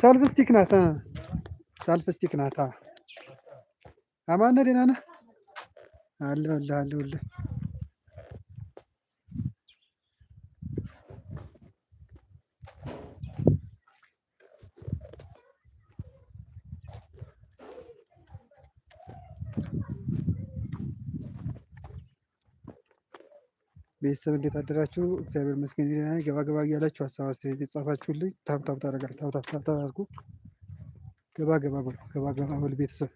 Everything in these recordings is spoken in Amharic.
ሳልፍ ስቲክ ናታ ሳልፍ ስቲክ ናታ። አማነ ደህና ነህ? አለሁልህ አለሁልህ ቤተሰብ እንዴት አደራችሁ? እግዚአብሔር ይመስገን ደህና ነኝ። ገባ ገባ እያላችሁ ሀሳብ አስተያየት የጻፋችሁልኝ ታብ ታብ ታደርጋለሁ። ታብ ታብ ታብ ታደርጉ። ገባ ገባ በሉ፣ ገባ ገባ በሉ ቤተሰብ።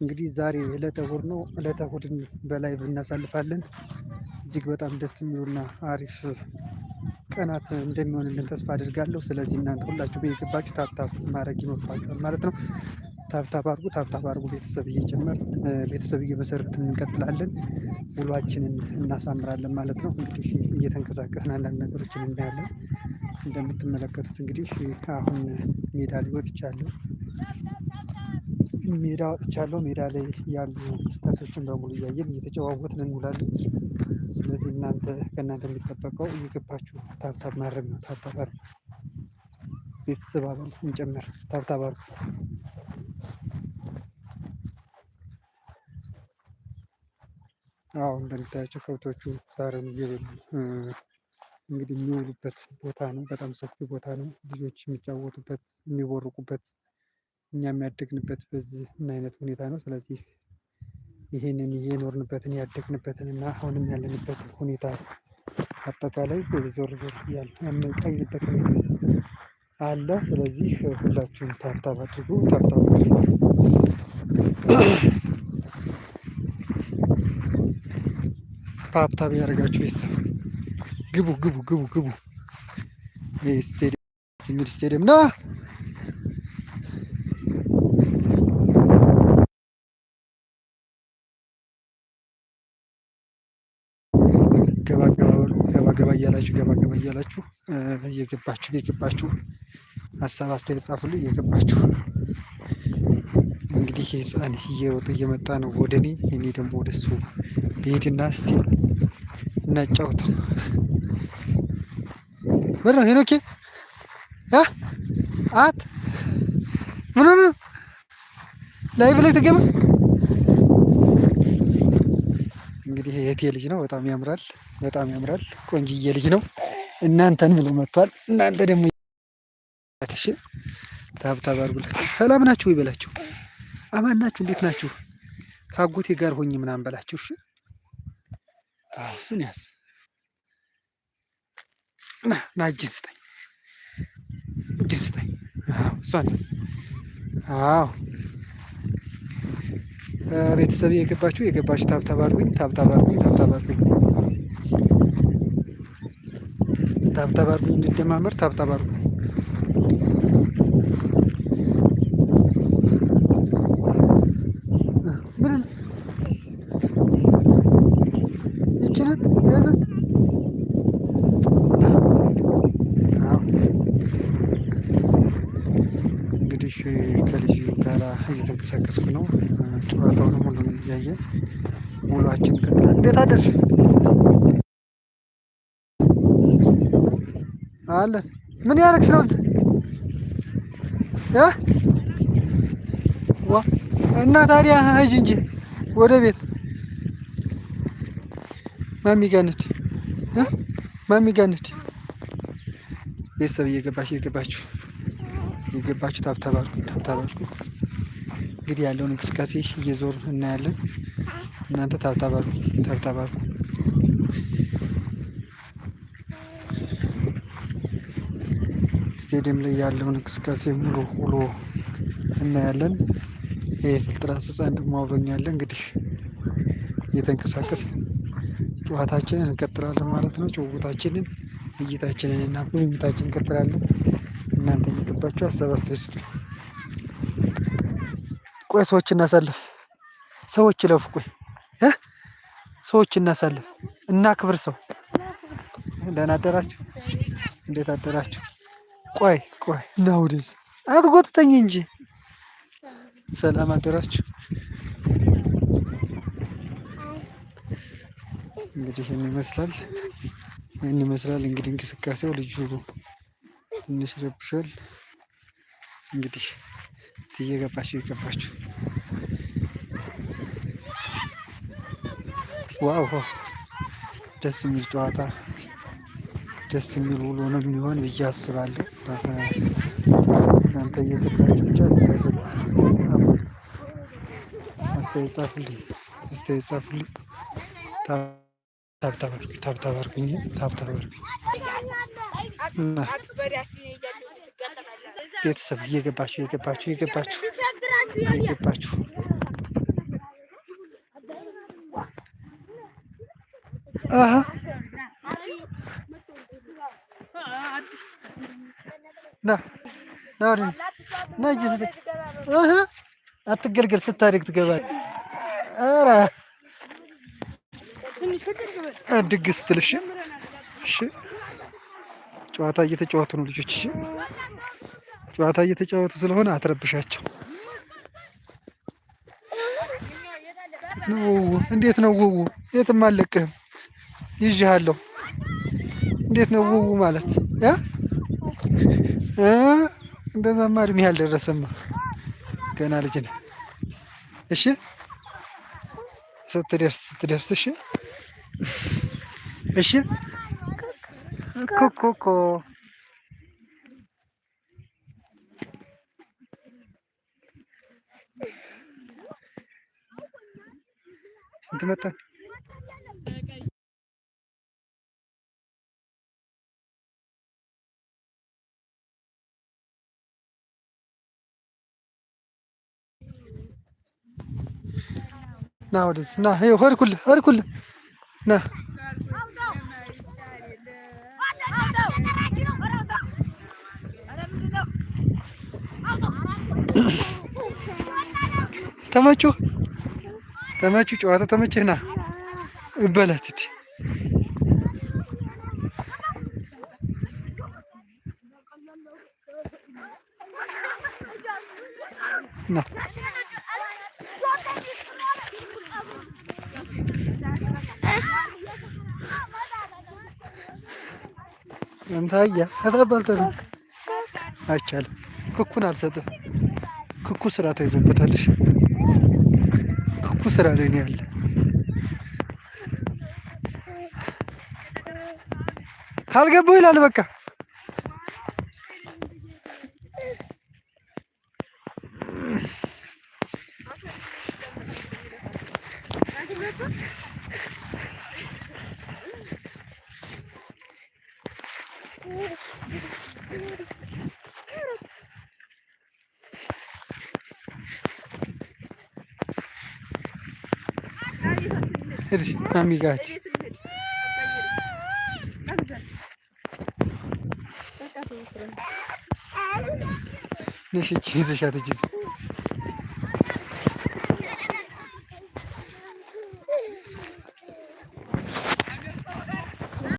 እንግዲህ ዛሬ ዕለተ እሑድ ነው። ዕለተ እሑድን በላይቭ እናሳልፋለን። እጅግ በጣም ደስ የሚሉና አሪፍ ቀናት እንደሚሆንልን ተስፋ አድርጋለሁ። ስለዚህ እናንተ ሁላችሁ በየገባችሁ ታብታብ ማድረግ ይኖርባችኋል ማለት ነው። ታብታብ አድርጉ ታብታብ አድርጉ ቤተሰብ እየጨመር ቤተሰብ እየመሰረትን እንቀጥላለን። ውሏችንን እናሳምራለን ማለት ነው። እንግዲህ እየተንቀሳቀስን አንዳንድ ነገሮችን እናያለን። እንደምትመለከቱት እንግዲህ አሁን ሜዳ ላይ ወጥቻለሁ። ሜዳ ወጥቻለሁ። ሜዳ ላይ ያሉ እንቅስቃሴዎችን በሙሉ እያየን እየተጨዋወትን እንውላለን። ስለዚህ እናንተ ከእናንተ የሚጠበቀው እየገባችሁ ታብታብ ማድረግ ነው። ታብታብ አድርጉ ቤተሰብ አባል እንጨምር። ታብታብ አድርጉ አሁን እንደምታያቸው ከብቶቹ ሳርን እየበሉ እንግዲህ የሚውሉበት ቦታ ነው። በጣም ሰፊ ቦታ ነው። ልጆች የሚጫወቱበት የሚቦርቁበት፣ እኛ የሚያደግንበት በዚህ ምን አይነት ሁኔታ ነው። ስለዚህ ይህንን የኖርንበትን ያደግንበትን እና አሁንም ያለንበት ሁኔታ አጠቃላይ ዞር ዞር እያል የምንቀይበት አለ። ስለዚህ ሁላችሁም ታብታብ አድርጉ ታብታብ ታብታብ ያደርጋችሁ ቤተሰብ ግቡ ግቡ ግቡ ግቡ። ስቴዲየም ስቴዲየም ና ገባገባ እያላችሁ ገባገባ እያላችሁ እየገባችሁ እየገባችሁ ሀሳብ አስተያየት ጻፉልኝ እየገባችሁ እንግዲህ ህፃን እየሮጠ እየመጣ ነው ወደ እኔ። እኔ ደግሞ ወደ እሱ ልሄድና እስቲ እናጫውተው። ምን ነው ሄኖኬ? አት ምን ሆነ? ላይ ብለው ተገባ። እንግዲህ የቴ ልጅ ነው። በጣም ያምራል፣ በጣም ያምራል። ቆንጅዬ ልጅ ነው። እናንተን ብሎ መጥቷል። እናንተ ደግሞ ትሽን ታብታብ አድርጉለት። ሰላም ናችሁ ይበላችሁ። አማን ናችሁ? እንዴት ናችሁ? ከአጎቴ ጋር ሆኝ ምናምን በላችሁ። እሺ እሱን ያዝ ና ና፣ እጅን ስጠኝ፣ እጅን ስጠኝ። እሷን ያዝ። አዎ ቤተሰብ የገባችሁ የገባችሁ ታብታብ አድርጉኝ፣ ታብታብ አድርጉኝ፣ ታብታብ አድርጉኝ፣ ታብታብ አድርጉኝ፣ እንደማመር ታብታብ አድርጉኝ። እንግዲህ ከልዩ ጋራ እየተንቀሳቀስኩ ነው። ጨዋታውንም ሁሉንም እያየን ውሏችን ቀጥላል። እንዴት አደርሽ አለ ምን ያደረግሽ ነው እዚህ እና ታዲያ ሂጂ እንጂ ወደ ቤት ማሚ ጋር ነች። ማሚ ጋር ነች። ቤተሰብ እየገባች እየገባችሁ እየገባችሁ ታብታብ አልኩኝ እንግዲህ ያለውን እንቅስቃሴ እየዞር እናያለን። እናንተ ታብታብ አልኩኝ ስቴዲየም ላይ ያለውን እንቅስቃሴ ሙሉ ውሎ እናያለን። የፍልጥር አሰልጣኝ ደግሞ አብሮኛል። እንግዲህ እየተንቀሳቀስ ጨዋታችንን እንቀጥላለን ማለት ነው። ጭውውታችንን፣ እይታችንን እና ጉብኝታችንን እንቀጥላለን። እናንተ እየገባችሁ ሀሳብ አስተያየት ቆይ ሰዎች እናሳልፍ፣ ሰዎች ይለፉ። ቆይ ሰዎች እናሳልፍ እና ክብር ሰው ደህና አደራችሁ፣ እንዴት አደራችሁ? ቆይ ቆይ እና ወደዚህ አትጎትተኝ እንጂ ሰላም አደራችሁ። እንግዲህ ይህን ይመስላል። ይህን ይመስላል እንግዲህ እንቅስቃሴው ልጁ ትንሽ ረብሻል። እንግዲህ እስቲ እየገባችሁ እየገባችሁ ዋው ደስ የሚል ጨዋታ፣ ደስ የሚል ውሎ ነው የሚሆን ብዬ አስባለሁ። እናንተ እየገባችሁ ብቻ አስተያየት ጻፉልኝ፣ አስተያየት ጻፉልኝ። ታብታባርክ ታብታባርክኝ ታብታባርክ ቤተሰብ እየገባችሁ እየገባችሁ እየገባችሁ እየገባችሁ ና ና አትገልገል ስታደግ ትገባል። ድግስ ትልሽ እሺ። ጨዋታ እየተጫወቱ ነው ልጆች። እሺ፣ ጨዋታ እየተጫወቱ ስለሆነ አትረብሻቸው። ነው እንዴት ነው ውው? የትም አለቅህም ይዤሃለሁ። እንዴት ነው ውው ማለት ያ እ እንደዛማ እድሜ ያልደረሰማ ገና ልጅ ነህ። እሺ ስትደርስ ስትደርስ እሺ እሺ ኮኮኮ እንትን መጣን። ና ወደዚህ ና ሄድኩልህ ሄድኩልህ ተመቹ ተመቹ ጨዋታ ተመችህ። ና እበላት እንጂ ና እንታያ አይቻልም። ክኩን አልሰጥም። ክኩ ስራ ተይዞበታልሽ። ክኩ ስራ ላይ ነው ያለ። ይላል በቃ Her şeyden bir kaç. Ne